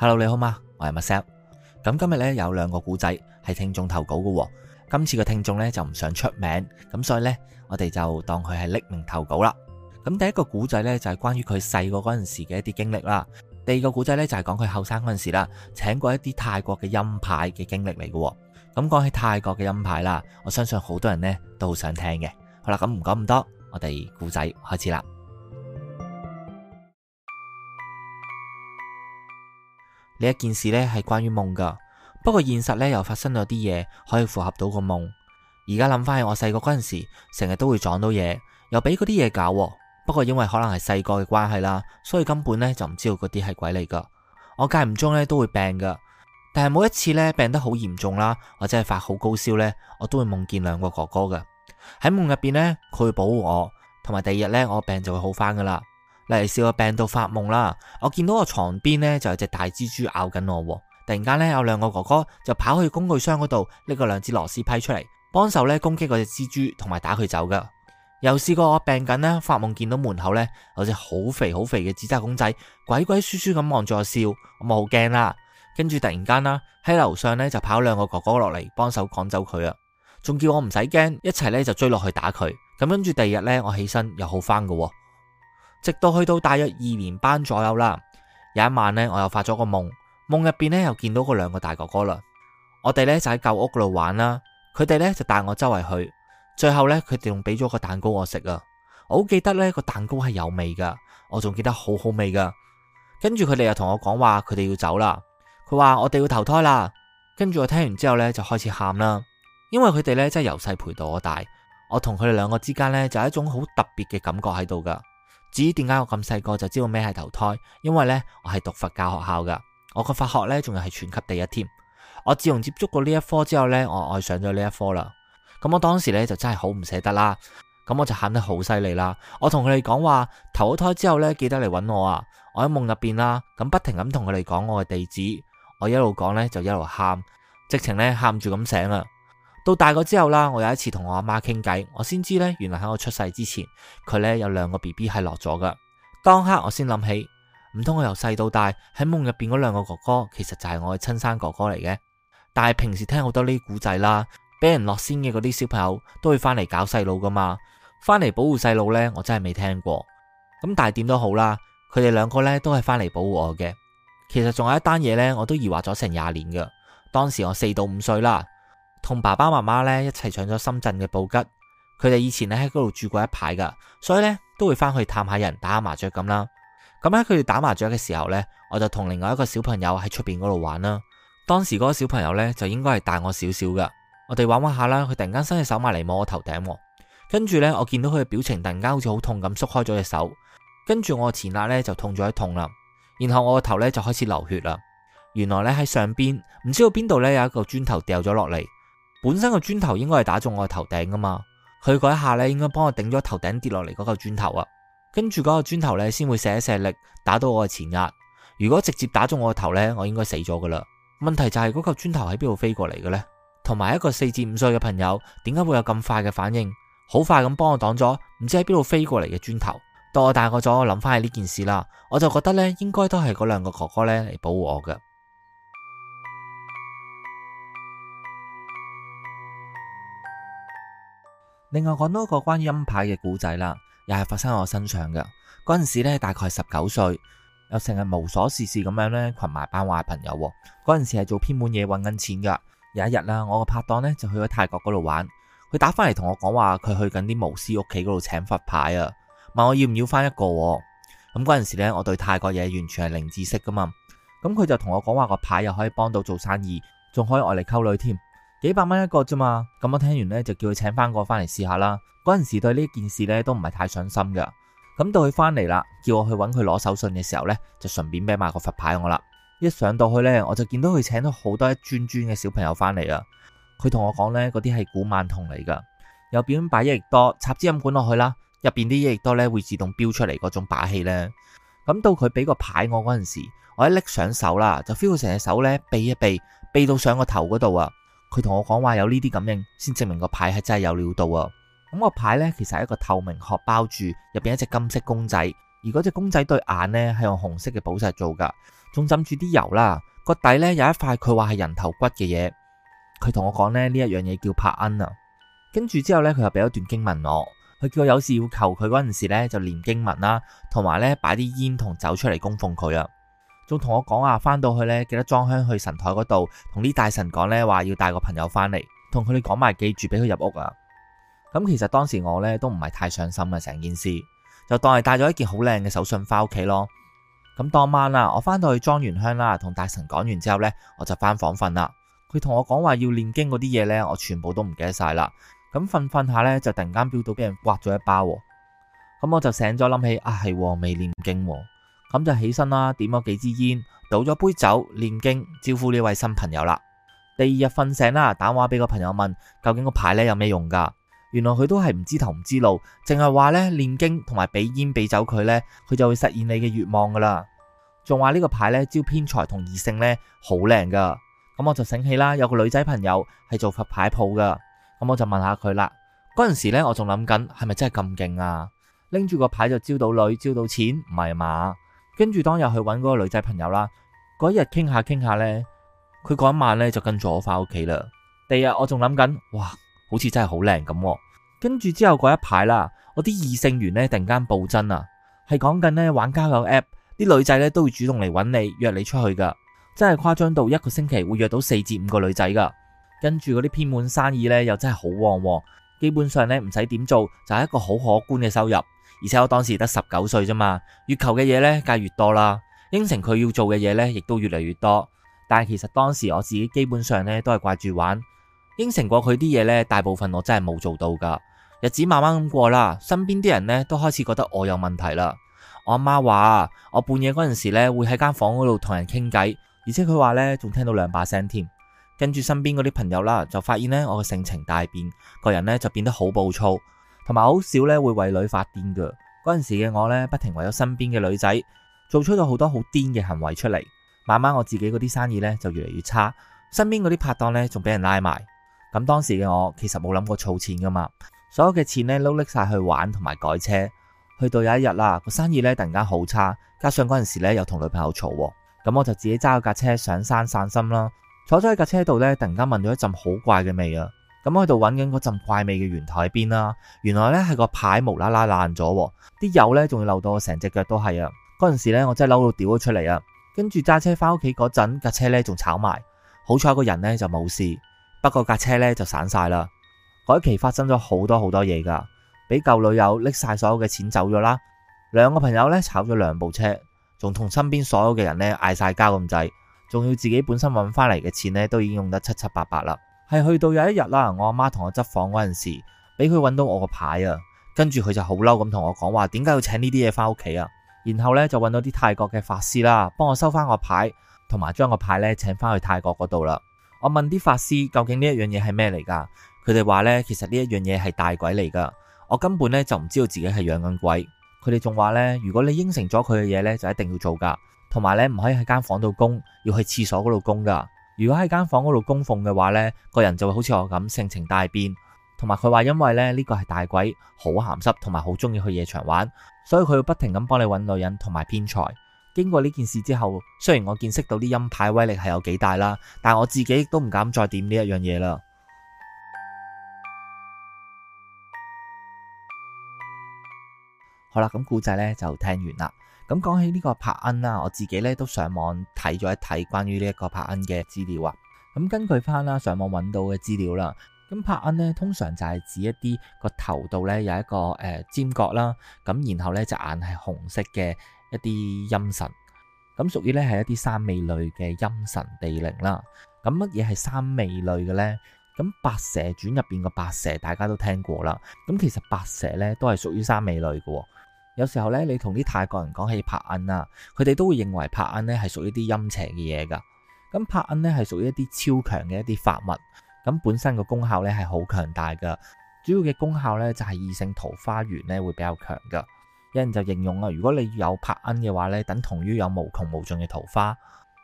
Hello，你好嗎？我係 Marcel，咁今日呢，有兩個古仔係聽眾投稿㗎，今次個聽眾呢，就唔想出名，咁所以呢，我哋就當佢係匿名投稿啦。咁第一個古仔呢，就係關於佢細個嗰陣時嘅一啲經歷啦，第二個古仔呢，就係講佢後生嗰陣時啦，請過一啲泰國嘅陰牌嘅經歷嚟㗎。咁講起泰國嘅陰牌啦，我相信好多人呢都好想聽嘅。好啦，咁唔講咁多，我哋古仔開始啦。呢一件事呢係關於夢噶，不過現實呢又發生咗啲嘢可以符合到個夢。而家諗翻起我細個嗰陣時，成日都會撞到嘢，又俾嗰啲嘢搞。不過因為可能係細個嘅關係啦，所以根本呢就唔知道嗰啲係鬼嚟噶。我間唔中呢都會病噶，但係每一次呢病得好嚴重啦，或者係發好高燒呢，我都會夢見兩個哥哥噶。喺夢入邊呢，佢會保護我，同埋第二日呢，我病就會好翻噶啦。例如試過病到發夢啦，我見到我床邊呢，就有隻大蜘蛛咬緊我，突然間呢，有兩個哥哥就跑去工具箱嗰度拎個兩支螺絲批出嚟，幫手呢攻擊嗰隻蜘蛛同埋打佢走噶。又試過我病緊呢，發夢見到門口呢，有隻好肥好肥嘅紙紮公仔，鬼鬼祟祟咁望住我笑，我咪好驚啦。跟住突然間啦喺樓上呢就跑兩個哥哥落嚟幫手趕走佢啊，仲叫我唔使驚，一齊呢就追落去打佢。咁跟住第二日呢，我起身又好翻噶。直到去到大約二年班左右啦，有一晚呢，我又發咗個夢，夢入邊呢又見到嗰兩個大哥哥啦。我哋呢就喺舊屋度玩啦，佢哋呢就帶我周圍去，最後呢佢哋仲俾咗個蛋糕我食啊。我好記得呢個蛋糕係有味噶，我仲記得好好味噶。跟住佢哋又同我講話，佢哋要走啦。佢話我哋要投胎啦。跟住我聽完之後呢就開始喊啦，因為佢哋呢真係由細陪到我大，我同佢哋兩個之間呢就係一種好特別嘅感覺喺度噶。至於點解我咁細個就知道咩係投胎，因為呢，我係讀佛教學校噶，我個法學呢，仲係全級第一添。我自從接觸過呢一科之後呢，我愛上咗呢一科啦。咁我當時呢，就真係好唔捨得啦，咁我就喊得好犀利啦。我同佢哋講話投咗胎之後呢，記得嚟搵我啊。我喺夢入邊啦，咁不停咁同佢哋講我嘅地址，我一路講呢，就一路喊，直情呢喊住咁醒啦。到大個之後啦，我有一次同我阿媽傾偈，我先知呢，原來喺我出世之前，佢呢有兩個 B B 係落咗噶。當刻我先諗起，唔通我由細到大喺夢入邊嗰兩個哥哥，其實就係我嘅親生哥哥嚟嘅。但係平時聽好多呢啲古仔啦，俾人落先嘅嗰啲小朋友，都會翻嚟搞細路噶嘛，翻嚟保護細路呢，我真係未聽過。咁但係點都好啦，佢哋兩個呢都係翻嚟保護我嘅。其實仲有一單嘢呢，我都疑惑咗成廿年噶，當時我四到五歲啦。同爸爸媽媽咧一齊上咗深圳嘅布吉，佢哋以前咧喺嗰度住過一排噶所以咧都會翻去探下人打下麻雀咁啦。咁喺佢哋打麻雀嘅時候咧，我就同另外一個小朋友喺出邊嗰度玩啦。當時嗰個小朋友咧就應該係大我少少噶我哋玩玩下啦，佢突然間伸隻手埋嚟摸我頭頂，跟住咧我見到佢嘅表情突然間好似好痛咁，縮開咗隻手，跟住我個前額咧就痛咗一痛啦，然後我個頭咧就開始流血啦。原來咧喺上邊唔知道邊度咧有一個磚頭掉咗落嚟。本身個磚頭應該係打中我頭頂噶嘛，佢嗰下咧應該幫我頂咗頭頂跌落嚟嗰嚿磚頭啊，跟住嗰個磚頭咧先會卸一卸力打到我嘅前額。如果直接打中我個頭呢，我應該死咗噶啦。問題就係嗰嚿磚頭喺邊度飛過嚟嘅呢？同埋一個四至五歲嘅朋友點解會有咁快嘅反應，好快咁幫我擋咗，唔知喺邊度飛過嚟嘅磚頭。當我大個咗，我諗翻起呢件事啦，我就覺得呢應該都係嗰兩個哥哥呢嚟保護我噶。另外講到一個關於陰牌嘅故仔啦，又係發生喺我身上嘅。嗰陣時咧，大概十九歲，又成日無所事事咁樣呢，群埋班壞朋友。嗰陣時係做偏門嘢揾緊錢噶。有一日啦，我個拍檔呢，就去咗泰國嗰度玩，佢打翻嚟同我講話，佢去緊啲巫師屋企嗰度請佛牌啊，問我要唔要翻一個喎。咁嗰陣時咧，我對泰國嘢完全係零知識噶嘛。咁佢就同我講話個牌又可以幫到做生意，仲可以外嚟溝女添。幾百蚊一個啫嘛，咁我聽完呢，就叫佢請翻個翻嚟試下啦。嗰陣時對呢件事呢，都唔係太上心嘅。咁到佢翻嚟啦，叫我去揾佢攞手信嘅時候呢，就順便俾埋個佛牌我啦。一上到去呢，我就見到佢請咗好多一尊尊嘅小朋友翻嚟啊。佢同我講呢，嗰啲係古曼童嚟噶，又表演擺益力多插支飲管落去啦，入邊啲益力多呢，會自動飆出嚟嗰種把戲呢。咁到佢俾個牌我嗰陣時，我一拎上手啦，就 feel 成隻手呢，避一避，避到上個頭嗰度啊。佢同我講話有呢啲感應，先證明個牌係真係有料到啊！咁個牌呢，其實係一個透明殼包住，入邊一隻金色公仔，而嗰隻公仔對眼呢係用紅色嘅寶石做噶，仲浸住啲油啦。個底呢有一塊佢話係人頭骨嘅嘢。佢同我講咧呢一樣嘢叫柏罌啊。跟住之後呢，佢又俾咗段經文我，佢叫我有事要求佢嗰陣時咧就念經文啦，同埋呢擺啲煙同酒出嚟供奉佢啊。仲同我講啊，返到去呢，記得裝香去神台嗰度，同啲大神講呢，話要帶個朋友返嚟，同佢哋講埋，記住俾佢入屋啊。咁其實當時我呢，都唔係太上心嘅，成件事就當係帶咗一件好靚嘅手信翻屋企咯。咁當晚啊，我返到去裝完香啦，同大神講完之後呢，我就返房瞓啦。佢同我講話要念經嗰啲嘢呢，我全部都唔記得晒啦。咁瞓瞓下呢，就突然間飆到俾人刮咗一包，咁我就醒咗諗起，啊，係未念經。咁就起身啦，點咗幾支煙，倒咗杯酒，念經，招呼呢位新朋友啦。第二日瞓醒啦，打電話俾個朋友問究竟個牌咧有咩用噶？原來佢都係唔知頭唔知路，淨係話咧念經同埋俾煙俾酒佢咧，佢就會實現你嘅願望噶啦。仲話呢個牌咧招偏財同異性咧好靚噶。咁我就醒起啦，有個女仔朋友係做佛牌鋪噶，咁我就問下佢啦。嗰陣時咧，我仲諗緊係咪真係咁勁啊？拎住個牌就招到女，招到錢，唔係嘛？跟住當日去搵嗰個女仔朋友啦，嗰一日傾下傾下呢，佢嗰一晚呢就跟住我翻屋企啦。第二日我仲諗緊，哇，好似真係好靚咁。跟住之後嗰一排啦，我啲異性緣呢突然間暴增啊，係講緊呢玩交友 app，啲女仔呢都會主動嚟搵你約你出去噶，真係誇張到一個星期會約到四至五個女仔噶。跟住嗰啲偏門生意呢又真係好旺喎，基本上呢唔使點做就係、是、一個好可觀嘅收入。而且我當時得十九歲咋嘛，越求嘅嘢呢梗係越多啦，應承佢要做嘅嘢呢亦都越嚟越多，但係其實當時我自己基本上呢都係掛住玩，應承過佢啲嘢呢，大部分我真係冇做到噶。日子慢慢咁過啦，身邊啲人呢都開始覺得我有問題啦。我阿媽話，我半夜嗰陣時呢會喺間房嗰度同人傾偈，而且佢話呢仲聽到兩把聲添。跟住身邊嗰啲朋友啦，就發現呢我嘅性情大變，個人呢就變得好暴躁。同埋好少咧，會為女發癲噶。嗰陣時嘅我呢，不停為咗身邊嘅女仔，做出咗好多好癲嘅行為出嚟。慢慢我自己嗰啲生意呢就越嚟越差，身邊嗰啲拍檔呢仲俾人拉埋。咁當時嘅我其實冇諗過儲錢噶嘛，所有嘅錢呢都拎晒去玩同埋改車。去到有一日啦，個生意呢突然間好差，加上嗰陣時呢又同女朋友嘈，咁我就自己揸架車上山散心啦。坐咗喺架車度呢，突然間聞到一陣好怪嘅味啊！咁喺度揾緊嗰陣怪味嘅源頭喺邊啦？原來呢係個牌無啦啦爛咗，啲油呢仲要漏到我成隻腳都係啊！嗰陣時咧我真係嬲到屌咗出嚟啊！跟住揸車翻屋企嗰陣，架車呢仲炒埋，好彩個人呢就冇事，不過架車呢就散晒啦。嗰期發生咗好多好多嘢㗎，俾舊女友拎晒所有嘅錢走咗啦，兩個朋友呢炒咗兩部車，仲同身邊所有嘅人呢嗌晒交咁滯，仲要自己本身揾翻嚟嘅錢呢，都已經用得七七八八啦。係去到有一日啦，我阿媽同我執房嗰陣時，俾佢揾到我個牌啊，跟住佢就好嬲咁同我講話，點解要請呢啲嘢翻屋企啊？然後呢，就揾到啲泰國嘅法師啦，幫我收翻個牌，同埋將個牌呢請翻去泰國嗰度啦。我問啲法師究竟呢一樣嘢係咩嚟噶？佢哋話呢，其實呢一樣嘢係大鬼嚟噶。我根本呢就唔知道自己係養緊鬼。佢哋仲話呢，如果你應承咗佢嘅嘢呢，就一定要做噶，同埋呢，唔可以喺間房度供，要去廁所嗰度供噶。如果喺間房嗰度供奉嘅話呢，個人就會好似我咁性情大變，同埋佢話因為呢，呢個係大鬼，好鹹濕，同埋好中意去夜場玩，所以佢會不停咁幫你揾女人同埋偏財。經過呢件事之後，雖然我見識到啲陰牌威力係有幾大啦，但我自己都唔敢再點 呢一樣嘢啦。好啦，咁故仔呢就聽完啦。咁講起呢個柏罌啦，我自己咧都上網睇咗一睇關於呢一個柏罌嘅資料啊。咁根據返啦，上網揾到嘅資料啦，咁柏罌咧通常就係指一啲個頭度咧有一個誒尖角啦，咁然後咧隻眼係紅色嘅一啲陰神，咁屬於咧係一啲三味類嘅陰神地靈啦。咁乜嘢係三味類嘅咧？咁白蛇傳入邊個白蛇大家都聽過啦，咁其實白蛇咧都係屬於三味類嘅。有時候咧，你同啲泰國人講起柏罌啊，佢哋都會認為柏罌呢係屬於啲陰邪嘅嘢㗎。咁柏罌呢係屬於一啲超強嘅一啲法物，咁本身個功效呢係好強大噶。主要嘅功效呢就係異性桃花源呢會比較強噶。有人就形容啊，如果你有柏罌嘅話呢，等同於有無窮無盡嘅桃花。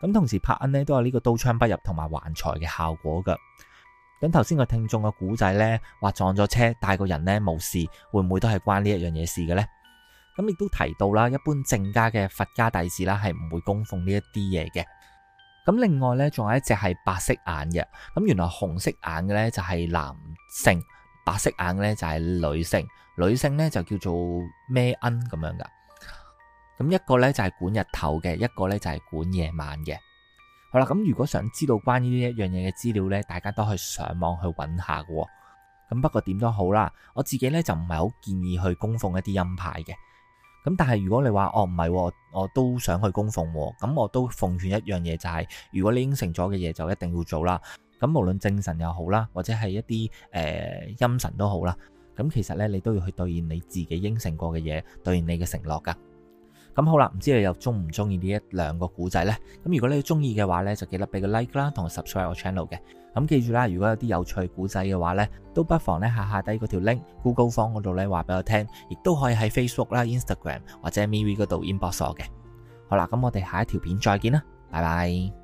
咁同時柏罌呢都有呢個刀槍不入同埋還財嘅效果㗎。咁頭先個聽眾嘅古仔呢話撞咗車，帶個人呢冇事，會唔會都係關呢一樣嘢事嘅呢？咁亦都提到啦，一般正家嘅佛家弟子啦，係唔會供奉呢一啲嘢嘅。咁另外呢，仲有一隻係白色眼嘅。咁原來紅色眼嘅呢，就係男性，白色眼嘅呢，就係女性。女性呢，就叫做咩恩咁樣噶。咁一個呢，就係管日頭嘅，一個呢，就係管夜晚嘅。好啦，咁如果想知道關於呢一樣嘢嘅資料呢，大家都可以上網去揾下嘅。咁不過點都好啦，我自己呢，就唔係好建議去供奉一啲陰牌嘅。咁但係如果你話哦，唔係、哦，我都想去供奉咁、哦，我都奉勸一樣嘢，就係、是，如果你應承咗嘅嘢，就一定要做啦。咁無論正神又好啦，或者係一啲誒陰神都好啦，咁其實咧你都要去兌現你自己應承過嘅嘢，兌現你嘅承諾噶。咁好啦，唔知你又中唔中意呢一兩個古仔呢？咁如果你中意嘅話呢，就記得俾個 like 啦，同埋 subscribe 我 channel 嘅。咁記住啦，如果有啲有趣古仔嘅話呢，都不妨呢下下低嗰條 link Google 方嗰度呢話俾我聽，亦都可以喺 Facebook 啦、Instagram 或者 Miwi 嗰度 inbox 我嘅。好啦，咁我哋下一條片再見啦，拜拜。